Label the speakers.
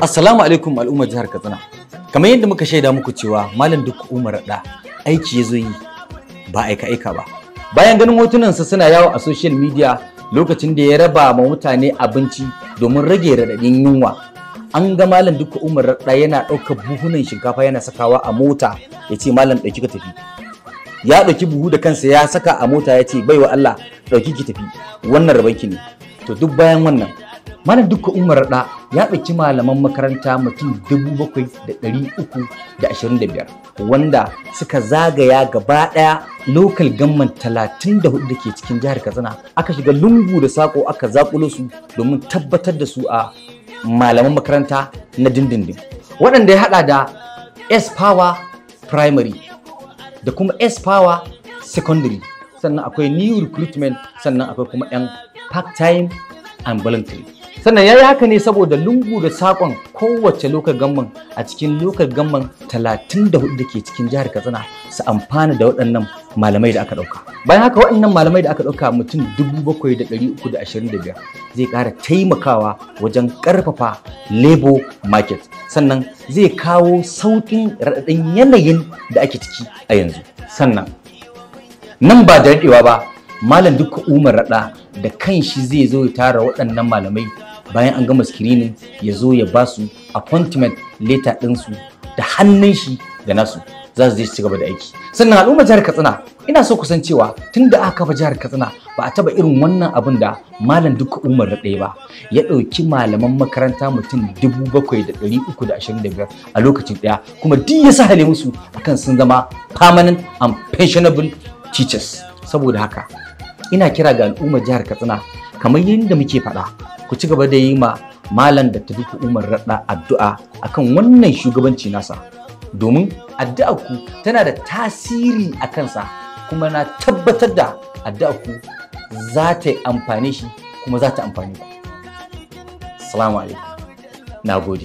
Speaker 1: Assalamu alaikum al'ummar jihar Katsina. Kamar yadda muka shaida muku cewa Malam Duk Umar da aiki ya zo yi ba aika aika ba. Bayan ganin hotunansa suna yawo a social media lokacin da ya raba ma mutane abinci domin rage raɗaɗin yunwa. An ga Malam Duk Umar Raɗa yana ɗaukar buhunan shinkafa yana sakawa a mota ya ce Malam ɗauki ka tafi. Ya ɗauki buhu da kansa ya saka a mota ya ce baiwa Allah ɗauki ki tafi wannan rabanki ne. To duk bayan wannan Malam Dukka Umar Rada ya ɗauki malaman makaranta mutum dubu da da da uku biyar, wanda suka zagaya gaba ɗaya lokal gamman talatin da hudu da ke cikin jihar Katsina aka shiga lungu da sako aka zakulo su domin tabbatar da su a malaman makaranta na dindindin. Waɗanda ya haɗa da S Power Primary da kuma S Power Secondary sannan akwai new recruitment sannan akwai kuma 'yan part-time and voluntary. sannan ya yi haka ne saboda lungu da sakon kowace lokar gamban a cikin lokar gamban 34 da ke cikin jihar katsina su amfana da waɗannan malamai da aka ɗauka bayan haka waɗannan malamai da aka ɗauka mutum 7,325 zai ƙara taimakawa wajen ƙarfafa labor market sannan zai kawo sauƙin raɗaɗin yanayin da ake ciki a yanzu sannan nan ba da daɗewa ba malam duka umar raɗa da kan shi zai zo ya tara waɗannan malamai bayan an gama screening ya zo ya ba su appointment letter ɗinsu da hannun shi da nasu za su je su gaba da aiki sannan al'ummar jihar katsina ina so kusan cewa tun da aka kafa jihar katsina ba a taba irin wannan abin da malam duka umar ɗaya ba ya ɗauki malaman makaranta mutum dubu bakwai da ɗari uku da ashirin da biyar a lokacin ɗaya kuma duk ya sahale musu akan sun zama permanent and pensionable teachers saboda haka ina kira ga al'ummar jihar katsina kamar yadda muke faɗa ku ci gaba da yi ma malam da ta tafi umar raɗa addu'a akan wannan shugabanci nasa domin addu'a ku tana da tasiri a kansa kuma na tabbatar da addu'a ku za ta amfane shi kuma za ta amfane ku salamu alaikum na gode